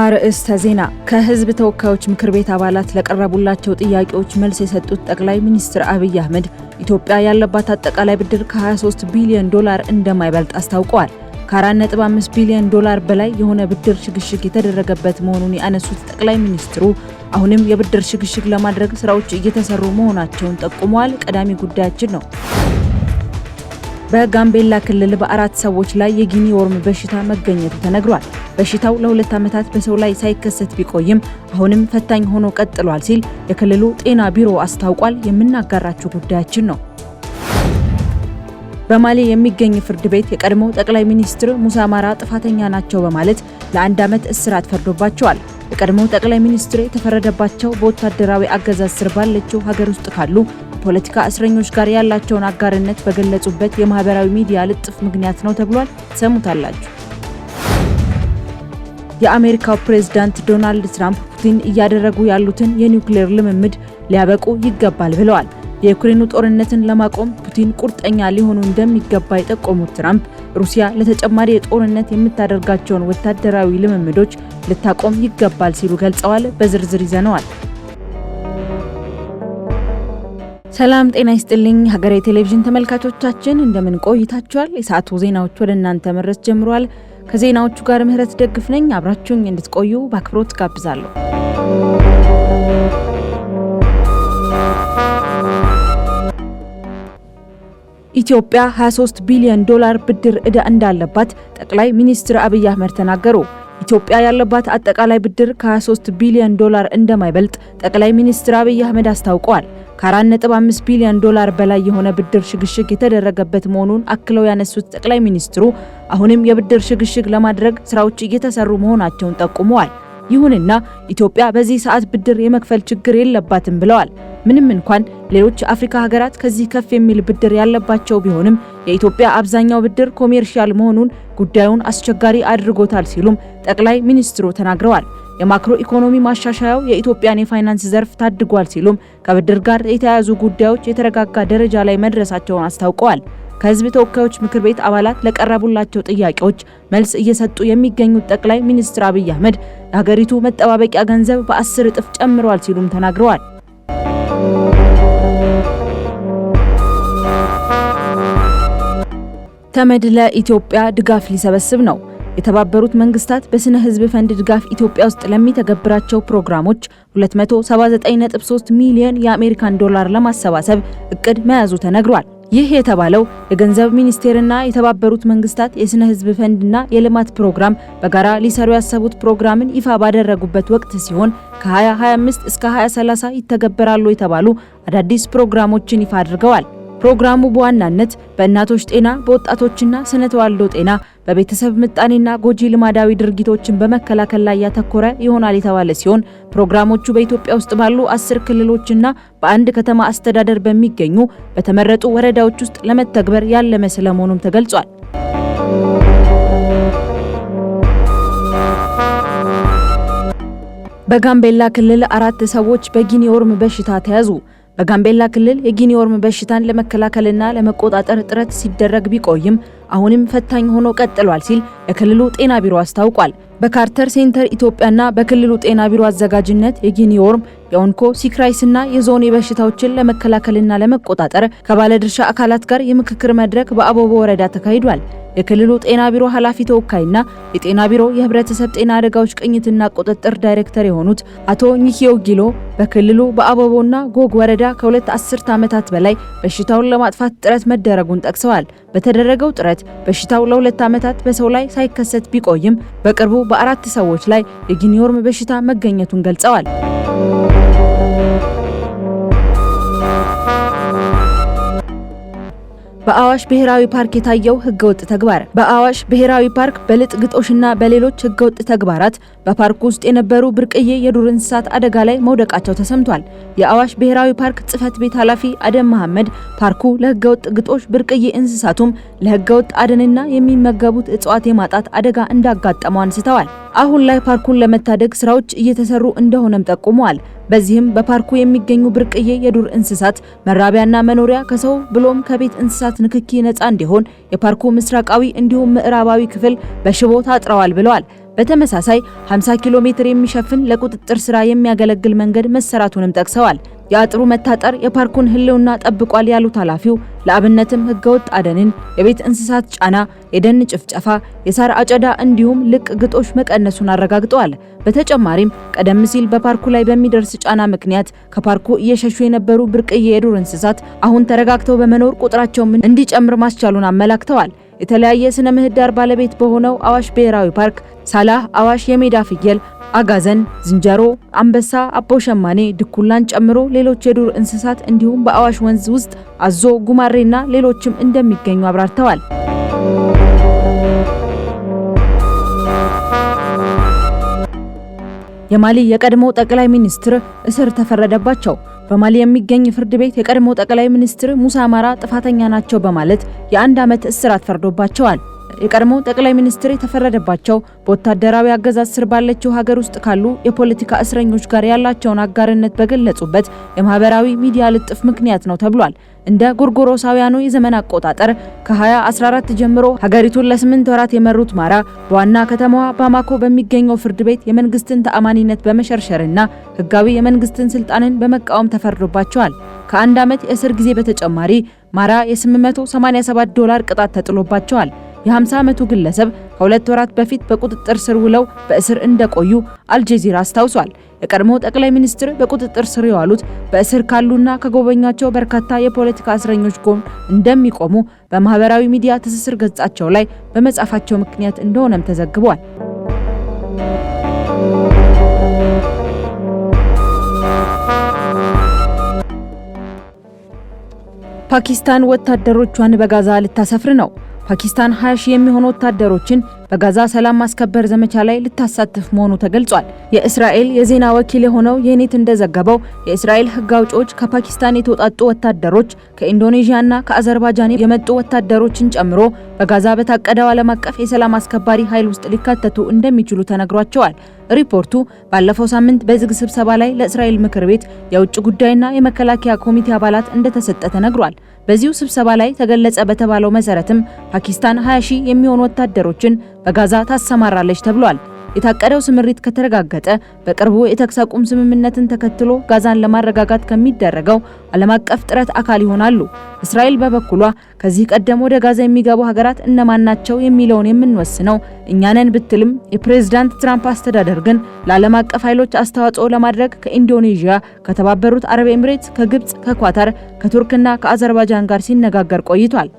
አርእስተ ዜና ከህዝብ ተወካዮች ምክር ቤት አባላት ለቀረቡላቸው ጥያቄዎች መልስ የሰጡት ጠቅላይ ሚኒስትር አብይ አህመድ ኢትዮጵያ ያለባት አጠቃላይ ብድር ከ23 ቢሊዮን ዶላር እንደማይበልጥ አስታውቀዋል። ከ4.5 ቢሊዮን ዶላር በላይ የሆነ ብድር ሽግሽግ የተደረገበት መሆኑን ያነሱት ጠቅላይ ሚኒስትሩ አሁንም የብድር ሽግሽግ ለማድረግ ስራዎች እየተሰሩ መሆናቸውን ጠቁመዋል። ቀዳሚ ጉዳያችን ነው። በጋምቤላ ክልል በአራት ሰዎች ላይ የጊኒ ወርም በሽታ መገኘቱ ተነግሯል። በሽታው ለሁለት ዓመታት በሰው ላይ ሳይከሰት ቢቆይም አሁንም ፈታኝ ሆኖ ቀጥሏል ሲል የክልሉ ጤና ቢሮ አስታውቋል። የምናጋራችሁ ጉዳያችን ነው። በማሌ የሚገኝ ፍርድ ቤት የቀድሞው ጠቅላይ ሚኒስትር ሙሳ ማራ ጥፋተኛ ናቸው በማለት ለአንድ ዓመት እስራት ፈርዶባቸዋል። የቀድሞው ጠቅላይ ሚኒስትር የተፈረደባቸው በወታደራዊ አገዛዝ ስር ባለችው ሀገር ውስጥ ካሉ ከፖለቲካ እስረኞች ጋር ያላቸውን አጋርነት በገለጹበት የማህበራዊ ሚዲያ ልጥፍ ምክንያት ነው ተብሏል። ሰሙታላችሁ። የአሜሪካው ፕሬዝዳንት ዶናልድ ትራምፕ ፑቲን እያደረጉ ያሉትን የኒውክሌር ልምምድ ሊያበቁ ይገባል ብለዋል። የዩክሬኑ ጦርነትን ለማቆም ፑቲን ቁርጠኛ ሊሆኑ እንደሚገባ የጠቆሙት ትራምፕ ሩሲያ ለተጨማሪ የጦርነት የምታደርጋቸውን ወታደራዊ ልምምዶች ልታቆም ይገባል ሲሉ ገልጸዋል። በዝርዝር ይዘነዋል። ሰላም ጤና ይስጥልኝ ሀገሬ ቴሌቪዥን ተመልካቾቻችን እንደምን ቆይታችኋል? የሰዓቱ ዜናዎች ወደ እናንተ መድረስ ጀምሯል። ከዜናዎቹ ጋር ምህረት ደግፍ ነኝ። አብራችሁኝ እንድትቆዩ በአክብሮት ጋብዛለሁ። ኢትዮጵያ 23 ቢሊዮን ዶላር ብድር ዕዳ እንዳለባት ጠቅላይ ሚኒስትር አብይ አህመድ ተናገሩ። ኢትዮጵያ ያለባት አጠቃላይ ብድር ከ23 ቢሊዮን ዶላር እንደማይበልጥ ጠቅላይ ሚኒስትር አብይ አህመድ አስታውቀዋል። ከ4.5 ቢሊዮን ዶላር በላይ የሆነ ብድር ሽግሽግ የተደረገበት መሆኑን አክለው ያነሱት ጠቅላይ ሚኒስትሩ አሁንም የብድር ሽግሽግ ለማድረግ ስራዎች እየተሰሩ መሆናቸውን ጠቁመዋል። ይሁንና ኢትዮጵያ በዚህ ሰዓት ብድር የመክፈል ችግር የለባትም ብለዋል። ምንም እንኳን ሌሎች አፍሪካ ሀገራት ከዚህ ከፍ የሚል ብድር ያለባቸው ቢሆንም የኢትዮጵያ አብዛኛው ብድር ኮሜርሻል መሆኑን ጉዳዩን አስቸጋሪ አድርጎታል ሲሉም ጠቅላይ ሚኒስትሩ ተናግረዋል። የማክሮ ኢኮኖሚ ማሻሻያው የኢትዮጵያን የፋይናንስ ዘርፍ ታድጓል ሲሉም ከብድር ጋር የተያያዙ ጉዳዮች የተረጋጋ ደረጃ ላይ መድረሳቸውን አስታውቀዋል። ከሕዝብ ተወካዮች ምክር ቤት አባላት ለቀረቡላቸው ጥያቄዎች መልስ እየሰጡ የሚገኙት ጠቅላይ ሚኒስትር አብይ አህመድ የሀገሪቱ መጠባበቂያ ገንዘብ በአስር እጥፍ ጨምሯል ሲሉም ተናግረዋል። ተመድ ለኢትዮጵያ ድጋፍ ሊሰበስብ ነው። የተባበሩት መንግስታት በስነ ህዝብ ፈንድ ድጋፍ ኢትዮጵያ ውስጥ ለሚተገብራቸው ፕሮግራሞች 279.3 ሚሊዮን የአሜሪካን ዶላር ለማሰባሰብ እቅድ መያዙ ተነግሯል። ይህ የተባለው የገንዘብ ሚኒስቴርና የተባበሩት መንግስታት የስነ ህዝብ ፈንድና የልማት ፕሮግራም በጋራ ሊሰሩ ያሰቡት ፕሮግራምን ይፋ ባደረጉበት ወቅት ሲሆን ከ2025 እስከ 2030 ይተገበራሉ የተባሉ አዳዲስ ፕሮግራሞችን ይፋ አድርገዋል። ፕሮግራሙ በዋናነት በእናቶች ጤና፣ በወጣቶችና ስነ ተዋልዶ ጤና፣ በቤተሰብ ምጣኔና ጎጂ ልማዳዊ ድርጊቶችን በመከላከል ላይ ያተኮረ ይሆናል የተባለ ሲሆን ፕሮግራሞቹ በኢትዮጵያ ውስጥ ባሉ አስር ክልሎችና በአንድ ከተማ አስተዳደር በሚገኙ በተመረጡ ወረዳዎች ውስጥ ለመተግበር ያለመ ስለመሆኑም ተገልጿል። በጋምቤላ ክልል አራት ሰዎች በጊኒ ወርም በሽታ ተያዙ። በጋምቤላ ክልል የጊኒ ወርም በሽታን ለመከላከልና ለመቆጣጠር ጥረት ሲደረግ ቢቆይም አሁንም ፈታኝ ሆኖ ቀጥሏል ሲል የክልሉ ጤና ቢሮ አስታውቋል። በካርተር ሴንተር ኢትዮጵያና በክልሉ ጤና ቢሮ አዘጋጅነት የጊኒ ወርም የኦንኮ ሲክራይስና የዞን በሽታዎችን ለመከላከልና ለመቆጣጠር ከባለድርሻ አካላት ጋር የምክክር መድረክ በአቦቦ ወረዳ ተካሂዷል። የክልሉ ጤና ቢሮ ኃላፊ ተወካይና የጤና ቢሮ የህብረተሰብ ጤና አደጋዎች ቅኝትና ቁጥጥር ዳይሬክተር የሆኑት አቶ ኒኪዮ ጊሎ በክልሉ በአበቦና ጎግ ወረዳ ከሁለት አስርት ዓመታት በላይ በሽታውን ለማጥፋት ጥረት መደረጉን ጠቅሰዋል። በተደረገው ጥረት በሽታው ለሁለት ዓመታት በሰው ላይ ሳይከሰት ቢቆይም በቅርቡ በአራት ሰዎች ላይ የጊኒዮርም በሽታ መገኘቱን ገልጸዋል። በአዋሽ ብሔራዊ ፓርክ የታየው ህገወጥ ተግባር። በአዋሽ ብሔራዊ ፓርክ በልጥ ግጦሽና በሌሎች ህገወጥ ተግባራት በፓርኩ ውስጥ የነበሩ ብርቅዬ የዱር እንስሳት አደጋ ላይ መውደቃቸው ተሰምቷል። የአዋሽ ብሔራዊ ፓርክ ጽህፈት ቤት ኃላፊ አደም መሐመድ ፓርኩ ለህገወጥ ግጦሽ፣ ብርቅዬ እንስሳቱም ለህገወጥ አደንና የሚመገቡት እጽዋት የማጣት አደጋ እንዳጋጠመው አንስተዋል። አሁን ላይ ፓርኩን ለመታደግ ስራዎች እየተሰሩ እንደሆነም ጠቁመዋል። በዚህም በፓርኩ የሚገኙ ብርቅዬ የዱር እንስሳት መራቢያና መኖሪያ ከሰው ብሎም ከቤት እንስሳት ንክኪ ነፃ እንዲሆን የፓርኩ ምስራቃዊ እንዲሁም ምዕራባዊ ክፍል በሽቦ ታጥረዋል ብለዋል። በተመሳሳይ 50 ኪሎ ሜትር የሚሸፍን ለቁጥጥር ስራ የሚያገለግል መንገድ መሰራቱንም ጠቅሰዋል። የአጥሩ መታጠር የፓርኩን ህልውና ጠብቋል ያሉት ኃላፊው ለአብነትም ህገወጥ አደንን፣ የቤት እንስሳት ጫና፣ የደን ጭፍጨፋ፣ የሳር አጨዳ እንዲሁም ልቅ ግጦሽ መቀነሱን አረጋግጠዋል። በተጨማሪም ቀደም ሲል በፓርኩ ላይ በሚደርስ ጫና ምክንያት ከፓርኩ እየሸሹ የነበሩ ብርቅዬ የዱር እንስሳት አሁን ተረጋግተው በመኖር ቁጥራቸውም እንዲጨምር ማስቻሉን አመላክተዋል። የተለያየ ስነ ምህዳር ባለቤት በሆነው አዋሽ ብሔራዊ ፓርክ ሳላህ አዋሽ የሜዳ ፍየል፣ አጋዘን፣ ዝንጀሮ፣ አንበሳ፣ አቦሸማኔ፣ ድኩላን ጨምሮ ሌሎች የዱር እንስሳት እንዲሁም በአዋሽ ወንዝ ውስጥ አዞ፣ ጉማሬና ሌሎችም እንደሚገኙ አብራርተዋል። የማሊ የቀድሞ ጠቅላይ ሚኒስትር እስር ተፈረደባቸው። በማሊ የሚገኝ ፍርድ ቤት የቀድሞ ጠቅላይ ሚኒስትር ሙሳ ማራ ጥፋተኛ ናቸው በማለት የአንድ ዓመት እስራት ፈርዶባቸዋል። የቀድሞ ጠቅላይ ሚኒስትር የተፈረደባቸው በወታደራዊ አገዛዝ ስር ባለችው ሀገር ውስጥ ካሉ የፖለቲካ እስረኞች ጋር ያላቸውን አጋርነት በገለጹበት የማህበራዊ ሚዲያ ልጥፍ ምክንያት ነው ተብሏል። እንደ ጎርጎሮሳውያኑ የዘመን አቆጣጠር ከ2014 ጀምሮ ሀገሪቱን ለስምንት ወራት የመሩት ማራ በዋና ከተማዋ ባማኮ በሚገኘው ፍርድ ቤት የመንግስትን ተአማኒነት በመሸርሸርና ህጋዊ የመንግስትን ስልጣንን በመቃወም ተፈርዶባቸዋል። ከአንድ ዓመት የእስር ጊዜ በተጨማሪ ማራ የ887 ዶላር ቅጣት ተጥሎባቸዋል። የ50 ዓመቱ ግለሰብ ከሁለት ወራት በፊት በቁጥጥር ስር ውለው በእስር እንደቆዩ አልጀዚራ አስታውሷል። የቀድሞው ጠቅላይ ሚኒስትር በቁጥጥር ስር የዋሉት በእስር ካሉና ከጎበኛቸው በርካታ የፖለቲካ እስረኞች ጎን እንደሚቆሙ በማህበራዊ ሚዲያ ትስስር ገጻቸው ላይ በመጻፋቸው ምክንያት እንደሆነም ተዘግቧል። ፓኪስታን ወታደሮቿን በጋዛ ልታሰፍር ነው። ፓኪስታን 20 ሺህ የሚሆኑ ወታደሮችን በጋዛ ሰላም ማስከበር ዘመቻ ላይ ልታሳትፍ መሆኑ ተገልጿል። የእስራኤል የዜና ወኪል የሆነው የኔት እንደዘገበው የእስራኤል ሕግ አውጪዎች ከፓኪስታን የተውጣጡ ወታደሮች ከኢንዶኔዥያና ከአዘርባጃን የመጡ ወታደሮችን ጨምሮ በጋዛ በታቀደው ዓለም አቀፍ የሰላም አስከባሪ ኃይል ውስጥ ሊካተቱ እንደሚችሉ ተነግሯቸዋል። ሪፖርቱ ባለፈው ሳምንት በዝግ ስብሰባ ላይ ለእስራኤል ምክር ቤት የውጭ ጉዳይና የመከላከያ ኮሚቴ አባላት እንደተሰጠ ተነግሯል። በዚሁ ስብሰባ ላይ ተገለጸ በተባለው መሰረትም ፓኪስታን 20 ሺህ የሚሆኑ ወታደሮችን በጋዛ ታሰማራለች ተብሏል። የታቀደው ስምሪት ከተረጋገጠ በቅርቡ የተኩስ አቁም ስምምነትን ተከትሎ ጋዛን ለማረጋጋት ከሚደረገው ዓለም አቀፍ ጥረት አካል ይሆናሉ። እስራኤል በበኩሏ ከዚህ ቀደም ወደ ጋዛ የሚገቡ ሀገራት እነማን ናቸው የሚለውን የምንወስነው እኛ ብትልም የፕሬዝዳንት ትራምፕ አስተዳደር ግን ለዓለም አቀፍ ኃይሎች አስተዋጽኦ ለማድረግ ከኢንዶኔዥያ፣ ከተባበሩት አረብ ኤምሬትስ፣ ከግብፅ፣ ከኳታር፣ ከቱርክና ከአዘርባይጃን ጋር ሲነጋገር ቆይቷል።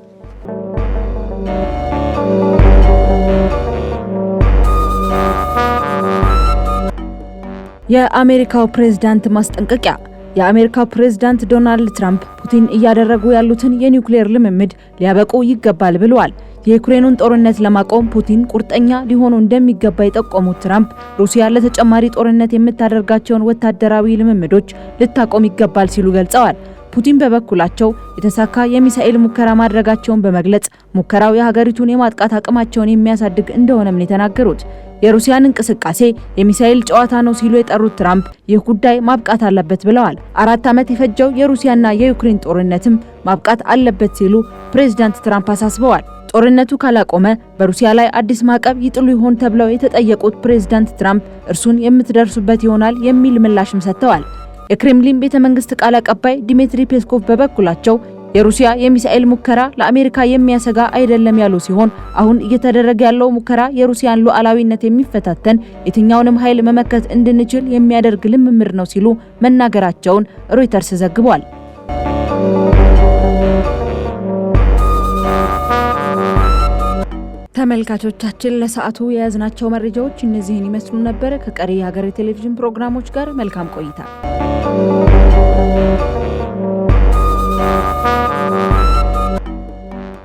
የአሜሪካው ፕሬዝዳንት ማስጠንቀቂያ። የአሜሪካው ፕሬዝዳንት ዶናልድ ትራምፕ ፑቲን እያደረጉ ያሉትን የኒውክሌር ልምምድ ሊያበቁ ይገባል ብለዋል። የዩክሬኑን ጦርነት ለማቆም ፑቲን ቁርጠኛ ሊሆኑ እንደሚገባ የጠቆሙት ትራምፕ ሩሲያ ለተጨማሪ ጦርነት የምታደርጋቸውን ወታደራዊ ልምምዶች ልታቆም ይገባል ሲሉ ገልጸዋል። ፑቲን በበኩላቸው የተሳካ የሚሳኤል ሙከራ ማድረጋቸውን በመግለጽ ሙከራው የሀገሪቱን የማጥቃት አቅማቸውን የሚያሳድግ እንደሆነም ነው የተናገሩት። የሩሲያን እንቅስቃሴ የሚሳኤል ጨዋታ ነው ሲሉ የጠሩት ትራምፕ ይህ ጉዳይ ማብቃት አለበት ብለዋል። አራት ዓመት የፈጀው የሩሲያና የዩክሬን ጦርነትም ማብቃት አለበት ሲሉ ፕሬዚዳንት ትራምፕ አሳስበዋል። ጦርነቱ ካላቆመ በሩሲያ ላይ አዲስ ማዕቀብ ይጥሉ ይሆን ተብለው የተጠየቁት ፕሬዚዳንት ትራምፕ እርሱን የምትደርሱበት ይሆናል የሚል ምላሽም ሰጥተዋል። የክሬምሊን ቤተ መንግስት ቃል አቀባይ ዲሚትሪ ፔስኮቭ በበኩላቸው የሩሲያ የሚሳኤል ሙከራ ለአሜሪካ የሚያሰጋ አይደለም ያሉ ሲሆን አሁን እየተደረገ ያለው ሙከራ የሩሲያን ሉዓላዊነት የሚፈታተን የትኛውንም ኃይል መመከት እንድንችል የሚያደርግ ልምምድ ነው ሲሉ መናገራቸውን ሮይተርስ ዘግቧል። ተመልካቾቻችን ለሰዓቱ የያዝናቸው መረጃዎች እነዚህን ይመስሉ ነበር። ከቀሪ የሀገሬ ቴሌቪዥን ፕሮግራሞች ጋር መልካም ቆይታ